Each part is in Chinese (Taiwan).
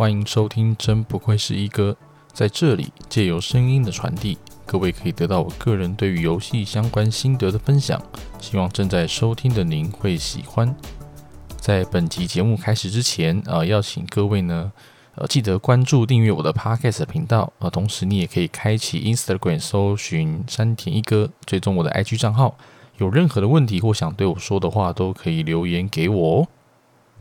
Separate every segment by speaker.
Speaker 1: 歡迎收聽，真不愧是一哥，在這裡借由聲音的傳遞，各位可以得到我個人對於遊戲相關心得的分享，希望正在收聽的您會喜歡。在本集節目開始之前，呃，要請各位呢，呃，記得關注訂閱我的 Podcast 頻道，呃，同時你也可以開啟 Instagram 搜尋山田一哥，追蹤我的 IG 賬號。有任何的問題或想對我說的話，都可以留言給我哦。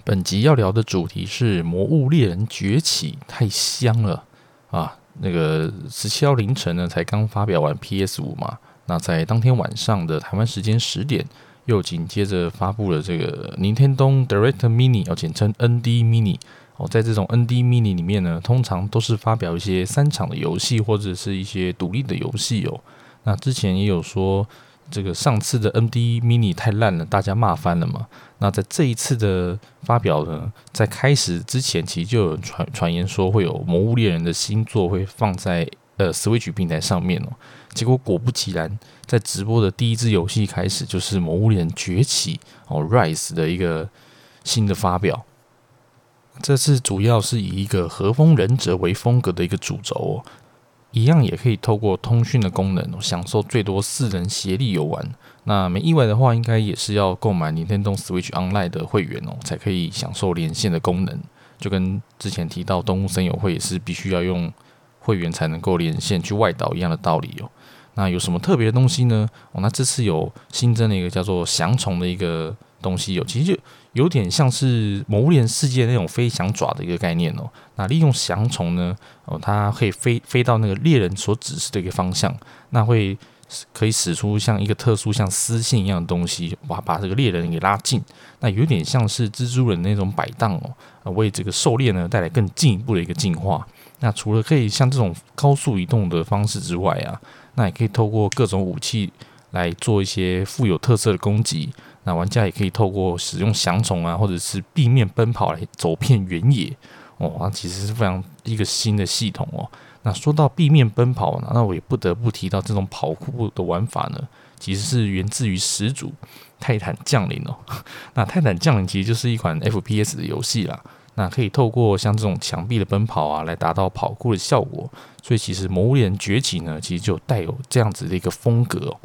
Speaker 1: 本集要聊的主題是《魔物獵人崛起》，太香了啊！那個十七號凌晨呢，才剛發表完 PS 五嘛，那在當天晚上的台灣時間十點，又緊接着發布了這個 Nintendo Direct Mini，簡稱 ND Mini 哦。在這種 ND Mini 裡面呢，通常都是發表一些三場的遊戲或者是一些獨立的遊戲哦。那之前也有說。這個上次的 MD Mini 太爛了，大家罵翻了嘛。那在這一次的發表呢，在開始之前，其實就有傳傳言說會有《魔物獵人》的新作會放在呃 Switch 平台上面哦。結果果不其然，在直播的第一支遊戲開始就是《魔物獵人崛起》哦，Rise 的一個新的發表。這次主要是以一個和風忍者為風格的一個主軸哦。一樣也可以透過通訊的功能享受最多四人協力遊玩，那沒意外的話，應該也是要購買 Nintendo Switch Online 的會員哦，才可以享受連線的功能。就跟之前提到《動物森友會》也是必須要用會員才能夠連線去外島一樣的道理哦。那有什麼特別的東西呢？哦，那這次有新增了一個叫做“翔蟲”的一個。東西有、哦，其實就有點像是魔物獵人世界那種飛翔爪的一個概念哦。那利用翔蟲呢，哦，它可以飛飛到那個獵人所指示的一個方向，那會可以使出像一個特殊像絲線一樣的東西，哇，把這個獵人給拉近。那有點像是蜘蛛人那種擺盪哦，為這個狩獵呢帶來更進一步的一個進化。那除了可以像這種高速移動的方式之外啊，那也可以透過各種武器來做一些富有特色的攻擊。那玩家也可以透過使用翔蟲啊，或者是壁面奔跑來走遍原野哦，它其實是非常一個新的系統哦。那說到壁面奔跑呢，那我也不得不提到這種跑酷的玩法呢，其實是源自於始祖泰坦降臨哦。那泰坦降臨其實就是一款 FPS 的遊戲啦，那可以透過像這種牆壁的奔跑啊，來達到跑酷的效果。所以其實《魔物獵人崛起》呢，其實就帶有這樣子的一個風格哦。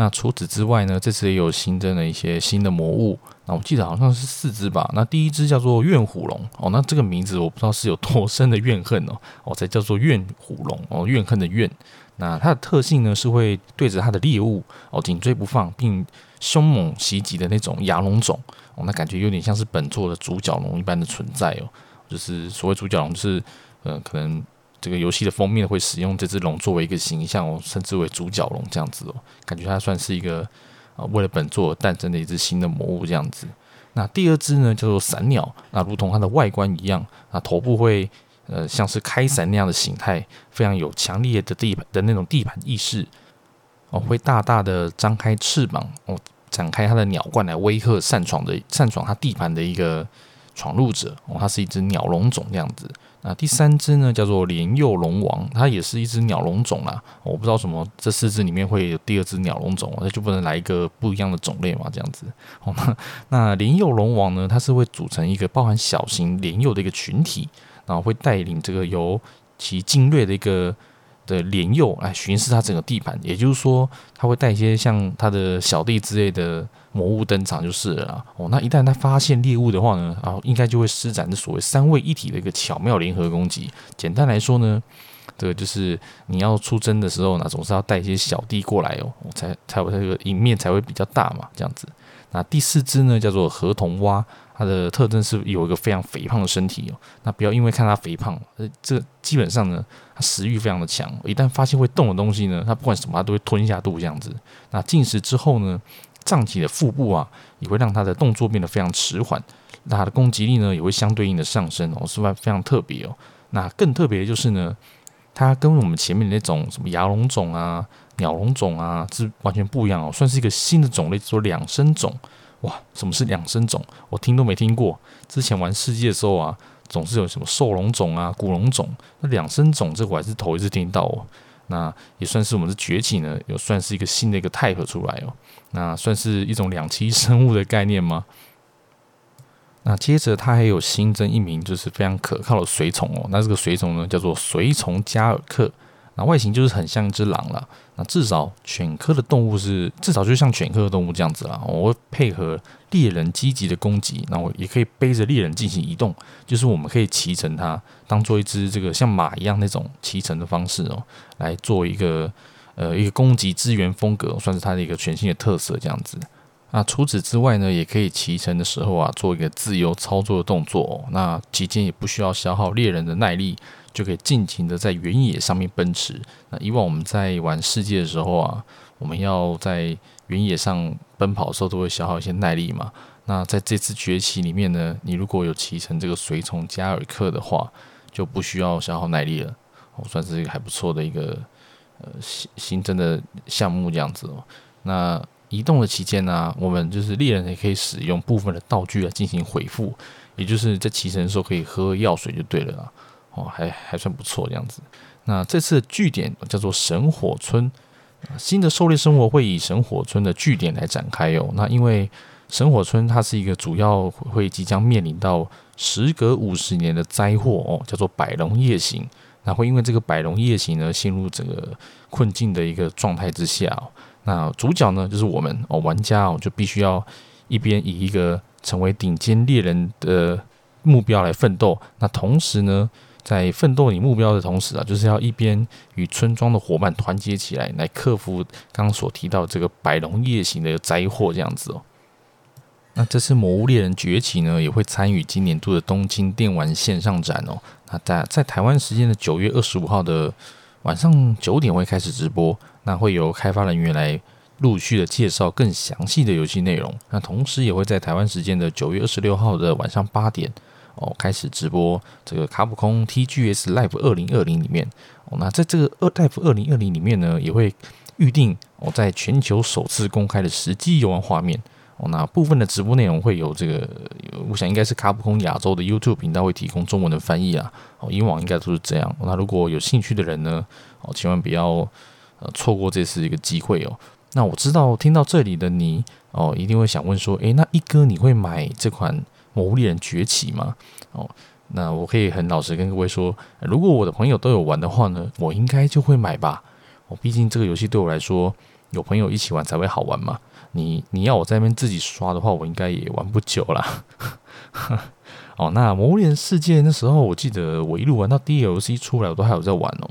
Speaker 1: 那除此之外呢？這次也有新增了一些新的魔物。那我記得好像是四只吧。那第一只叫做怨虎龍哦。那這個名字我不知道是有多深的怨恨哦。哦，才叫做怨虎龍哦，怨恨的怨。那它的特性呢是會對着它的獵物哦，緊追不放，並凶猛襲擊的那種牙龍種。哦，那感覺有點像是本作的主角龍一般的存在哦。就是所謂主角龍，就是呃可能。這個遊戲的封面會使用這隻龍作為一個形象，哦，稱之為主角龍這樣子哦，感覺它算是一個呃為了本作誕生的一隻新的魔物這樣子。那第二隻呢，叫做傘鳥，那如同它的外觀一樣，啊頭部會呃像是開傘那樣的形態，非常有強烈的地盤的那種地盤意識哦，會大大的張開翅膀哦，展開它的鳥冠，來威嚇擅闖的擅闖它地盤的一個闖入者哦，它是一隻鳥龍種這樣子。那第三隻呢，叫做鎌鼬龍王，它也是一隻鳥龍種啦。我不知道什麼這四隻裡面會有第二隻鳥龍種，那就不能來一個不一樣的種類嘛？這樣子，好嗎？那鎌鼬龍王呢，它是會組成一個包含小型鎌鼬的一個群體，然後會帶領這個由其精略的一個。的鐮鼬，來巡視他整個地盤，也就是說，他會帶一些像他的小弟之類的魔物登場就是了哦，那一旦他發現獵物的話呢，啊，應該就會施展這所謂三位一體的一個巧妙聯合攻擊。簡單來說呢，這個就是你要出征的時候呢，總是要帶一些小弟過來哦，哦才才有這個贏面才會比較大嘛，這樣子。那第四隻呢，叫做河童蛙，它的特徵是有一個非常肥胖的身體哦。那不要因為看它肥胖，呃，這基本上呢，它食欲非常的強，一旦發現會動的東西呢，它不管什麼它都會吞下肚這樣子。那進食之後呢，脹起的腹部啊，也會讓它的動作變得非常遲緩，那它的攻擊力呢，也會相對應的上升哦，是不是非常特別哦。那更特別的就是呢。它跟我們前面那種什麼牙龍種啊、鳥龍種啊，是完全不一樣哦，算是一個新的種類，叫做兩生種。哇，什麼是兩生種？我聽都沒聽過。之前玩世界的時候啊，總是有什麼獸龍種啊、古龍種，那兩生種這我還是頭一次聽到哦。那也算是我們的崛起呢，又算是一個新的一個 type 出來哦。那算是一種兩棲生物的概念嗎？那接着，它還有新增一名，就是非常可靠的隨從哦。那這個隨從呢，叫做隨從加爾克，那外形就是很像一隻狼了。那至少犬科的動物是，至少就像犬科的動物這樣子了。我會配合獵人積極的攻擊，那我也可以背着獵人進行移動，就是我們可以騎乘它，當做一隻這個像馬一樣那種騎乘的方式哦，來做一個呃一個攻擊支援風格，算是它的一個全新的特色這樣子。那除此之外呢，也可以騎乘的時候啊，做一個自由操作的動作哦。那期間也不需要消耗獵人的耐力，就可以盡情的在原野上面奔馳。那以往我們在玩世界的時候啊，我們要在原野上奔跑的時候都會消耗一些耐力嘛。那在這次崛起裡面呢，你如果有騎乘這個隨從加爾克的話，就不需要消耗耐力了。哦，算是一個還不錯的一個呃新新增的項目這樣子哦。那。移動的期間呢、啊，我們就是獵人也可以使用部分的道具來進行回復，也就是在騎乘的時候可以喝藥水就對了、啊、哦，還還算不錯這樣子。那這次的據點叫做神火村，新的狩獵生活會以神火村的據點來展開哦。那因為神火村它是一個主要會即將面臨到時隔五十年的災禍哦，叫做百龍夜行，那會因為這個百龍夜行而陷入整個困境的一個狀態之下、哦。那主角呢，就是我們哦，玩家哦，就必須要一邊以一個成為頂尖獵人的目標來奮鬥。那同時呢，在奮鬥你目標的同時啊，就是要一邊與村莊的夥伴團結起來，來克服剛剛所提到這個百龍夜行的災禍這樣子哦。那這次《魔物獵人崛起》呢，也會參與今年度的東京電玩線上展哦。那在在台灣時間的九月二十五號的晚上九點會開始直播。那會由開發人員來陸續的介紹更詳細的遊戲內容。那同時也會在台灣時間的九月二十六號的晚上八點哦，開始直播這個卡普空 TGS Live 二零二零裡面。那在這個二 Live 二零二零裡面呢，也會預定我在全球首次公開的實際遊玩畫面。哦，那部分的直播內容會有這個，我想應該是卡普空亞洲的 YouTube 頻道會提供中文的翻譯啊。哦，以往應該都是這樣。那如果有興趣的人呢，哦，千萬不要。呃，錯過這次一個機會哦。那我知道，聽到這裡的你哦，一定會想問說，誒，那一哥你會買這款《魔物獵人崛起》嗎？哦，那我可以很老實跟各位說，如果我的朋友都有玩的話呢，我應該就會買吧。哦，畢竟這個遊戲對我來說，有朋友一起玩才會好玩嘛。你你要我在那邊自己刷的話，我應該也玩不久啦。 哦，那《魔物獵人世界》那時候，我記得我一路玩到 DLC 出來，我都還有在玩哦。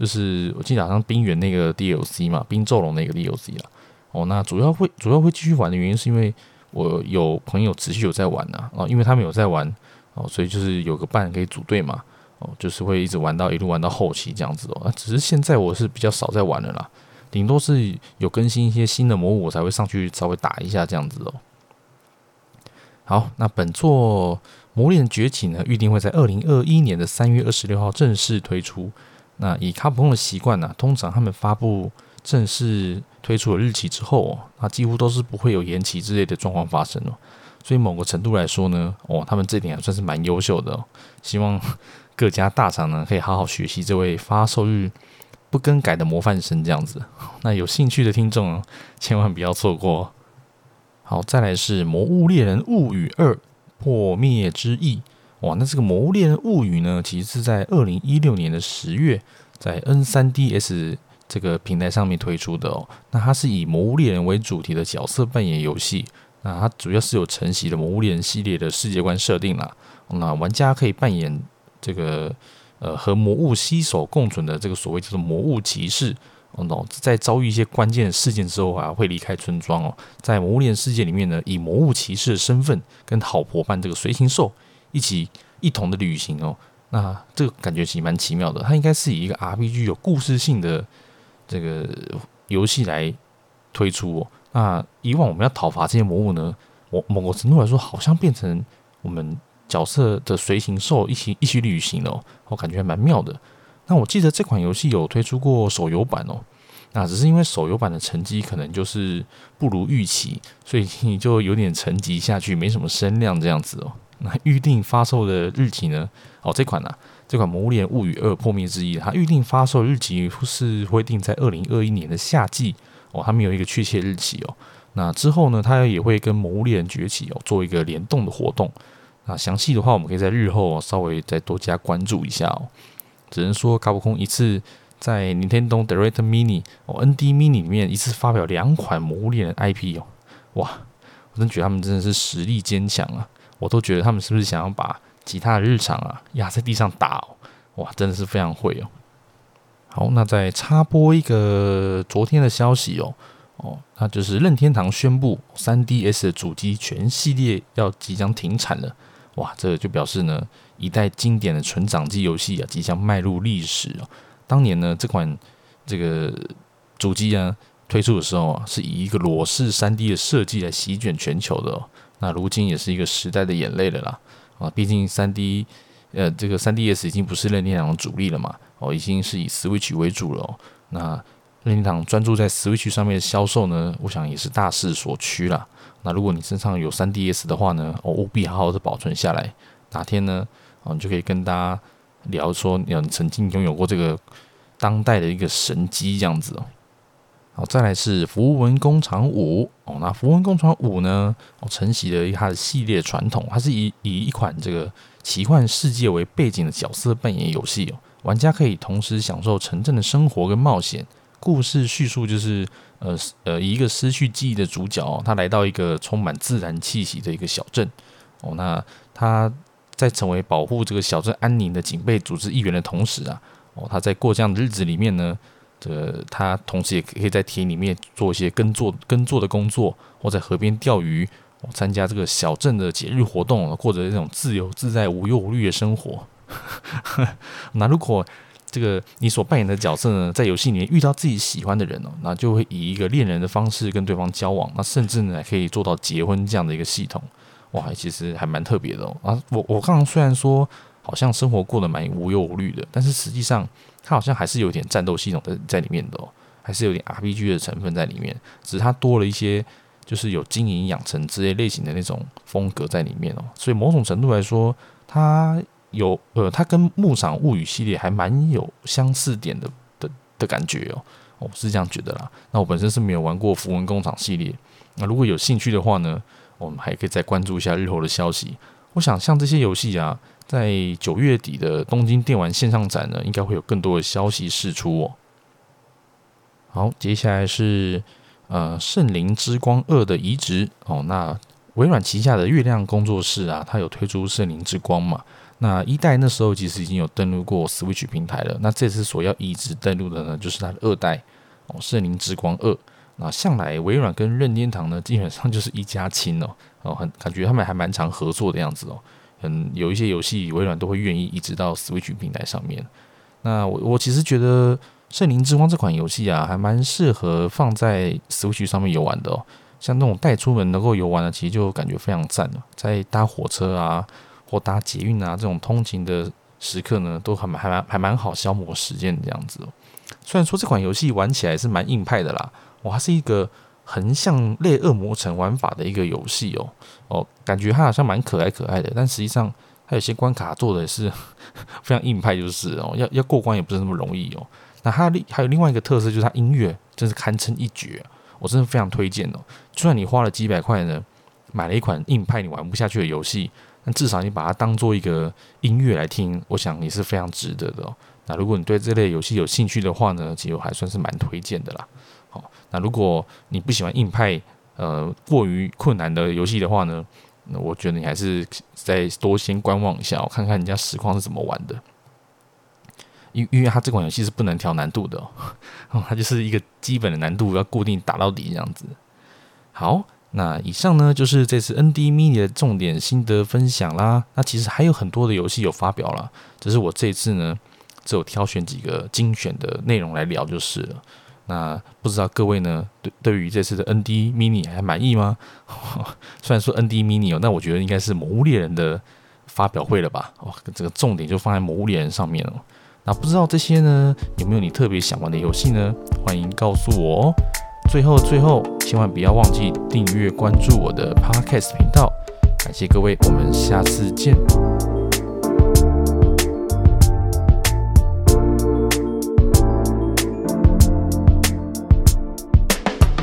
Speaker 1: 就是我記得好像冰原那個 DLC 嘛，冰咒龍那個 DLC 啦。哦，那主要會主要會繼續玩的原因，是因為我有朋友持續有在玩呢，啊。哦，因為他們有在玩，哦，所以就是有個伴可以組隊嘛。哦，就是會一直玩到一路玩到後期這樣子哦。啊，只是現在我是比較少在玩了啦，頂多是有更新一些新的魔物，我才會上去稍微打一下這樣子哦。好，那本作《魔獵的崛起》呢，預定會在二零二一年的三月二十六號正式推出。那以卡普空的習慣呢，通常他們發布正式推出的日期之後，哦，那幾乎都是不會有延期之類的狀況發生哦，所以某個程度來說呢，哦，他們這點還算是蠻優秀的，哦。希望各家大廠呢可以好好學習這位發售日不更改的模範生這樣子。那有興趣的聽眾千萬不要錯過。好，再來是《魔物獵人物語二：破滅之翼》。哇，哦、那這個《魔物獵人物語》呢，其實是在二零一六年的十月，在 N 三 DS 這個平台上面推出的哦。那它是以魔物獵人為主題的角色扮演遊戲，那它主要是有承襲的魔物獵人系列的世界觀設定啦。那玩家可以扮演這個呃和魔物攜手共存的這個所謂叫做魔物騎士哦，在遭遇一些關鍵事件之後啊，會離開村莊哦，在魔物獵人世界裡面呢，以魔物騎士的身份跟好夥伴這個隨行獸，一起一同的旅行哦，那這個感覺其實蠻奇妙的。它應該是以一個 RPG 有、哦、故事性的這個遊戲來推出哦。那以往我們要討伐這些魔物呢，我某個程度來說好像變成我們角色的隨行獸一起一起旅行哦。我、哦、感覺還蠻妙的。那我記得這款遊戲有推出過手遊版哦，那只是因為手遊版的成績可能就是不如預期，所以你就有點沉寂下去，沒什麼聲量這樣子哦。那預定發售的日期呢？哦，這款呢、啊，這款《魔物獵人物語二：破滅之翼》，它預定發售日期是會定在二零二一年的夏季哦，它沒有一個確切日期哦。那之後呢，它也會跟《魔物獵人崛起》哦做一個聯動的活動。那詳細的話，我們可以在日後稍微再多加關注一下哦。只能說，卡普空一次在 Nintendo Direct Mini 哦 ND Mini 裡面一次發表兩款魔物獵人 IP 哦，哇，我真覺得他們真的是實力堅強啊！我都覺得他們是不是想要把吉他的日常啊壓在地上打哦？哇，真的是非常會哦！好，那再插播一個昨天的消息哦哦，那就是任天堂宣布，三 DS 的主機全系列要即將停產了。哇，這個、就表示呢，一代經典的純掌機遊戲啊，即將邁入歷史哦。當年呢，這款這個主機啊推出的時候啊，是以一個裸視三 D 的設計來席捲全球的。哦。那如今也是一個時代的眼淚了啦，啊，畢竟三 D，呃，這個三 DS 已經不是任天堂的主力了嘛，哦，已經是以 Switch 為主了哦。那任天堂專注在 Switch 上面的銷售呢，我想也是大勢所趨啦。那如果你身上有三 DS 的話呢，哦，務必好好的保存下來，哪天呢，哦，你就可以跟大家聊說，你曾經擁有過這個當代的一個神機這樣子哦。再來是《符文工廠五》哦，那《符文工廠五》呢，我承襲了一它的系列傳統，它是以以一款這個奇幻世界為背景的角色扮演遊戲哦，玩家可以同時享受城鎮的生活跟冒險。故事敘述就是，呃呃，以一個失去記憶的主角，他來到一個充滿自然氣息的一個小鎮哦，那他在成為保護這個小鎮安寧的警備組織一員的同時啊，哦，他在過這樣的日子裡面呢。這個他同時也可以在田裡面做一些耕作、耕作的工作，或在河邊釣魚，哦，參加這個小鎮的節日活動，過着這種自由自在、無憂無慮的生活。那 如果這個你所扮演的角色呢，在遊戲裡面遇到自己喜歡的人呢，哦，那就會以一個戀人的方式跟對方交往，那甚至呢可以做到結婚這樣的一個系統。哇，其實還蠻特別的哦。啊，我我剛剛雖然說好像生活過得蠻無憂無慮的，但是實際上。它好像還是有點戰鬥系統的在裡面的、喔、還是有點 RPG 的成分在裡面，只是它多了一些就是有經營養成之類類型的那種風格在裡面哦、喔，所以某種程度來說，它有呃，它跟牧場物語系列還蠻有相似點的的的，的感覺哦、喔，我是這樣覺得啦。那我本身是沒有玩過符文工廠系列，那如果有興趣的話呢，我們還可以再關注一下日後的消息。我想像這些遊戲啊。在九月底的東京電玩線上展呢，應該會有更多的消息釋出哦。好，接下來是呃《聖靈之光二》的移植哦。那微軟旗下的月亮工作室啊，它有推出《聖靈之光》嘛？那一代那時候其實已經有登陸過 Switch 平台了。那這次所要移植登陸的呢，就是它的二代哦，《聖靈之光二》。那向來微軟跟任天堂呢，基本上就是一家親哦。哦，很感覺他們還蠻常合作的樣子哦。嗯，有一些遊戲微軟都會願意移植到 Switch 平台上面。那我我其實覺得《聖靈之光》這款遊戲啊，還蠻適合放在 Switch 上面遊玩的哦。像那種帶出門能夠遊玩的，其實就感覺非常讚了啊。在搭火車啊或搭捷運啊這種通勤的時刻呢，都還還蠻還蠻好消磨時間這樣子。雖然說這款遊戲玩起來是蠻硬派的啦，我還是一個。橫向類惡魔城玩法的一個遊戲哦，哦，感覺它好像蠻可愛可愛的，但實際上它有些關卡做得也是非常硬派，就是哦，要要過關也不是那麼容易哦。那它另還有另外一個特色，就是它音樂真是堪稱一絕，我真的非常推薦哦。雖然你花了幾百塊呢，買了一款硬派你玩不下去的遊戲，但至少你把它當做一個音樂來聽，我想你是非常值得的哦。那如果你對這類遊戲有興趣的話呢，其實我還算是蠻推薦的啦。好，那如果你不喜歡硬派，呃，過於困難的遊戲的話呢，那我覺得你還是再多先觀望一下我、哦、看看人家實況是怎麼玩的。因因為它這款遊戲是不能調難度的哦，哦、嗯，它就是一個基本的難度要固定打到底這樣子。好，那以上呢就是這次 ND Mini 的重點心得分享啦。那其實還有很多的遊戲有發表了，只是我這次呢只有挑選幾個精選的內容來聊就是了。那不知道各位呢，對對於這次的 ND Mini 還滿意嗎？哦、雖然說 ND Mini 哦，那我覺得應該是《魔物獵人》的發表會了吧？哦，這個重點就放在《魔物獵人》上面了。那不知道這些呢，有沒有你特別想玩的遊戲呢？歡迎告訴我哦。最後最後，千萬不要忘記訂閱關注我的 Podcast 頻道。感謝各位，我們下次見。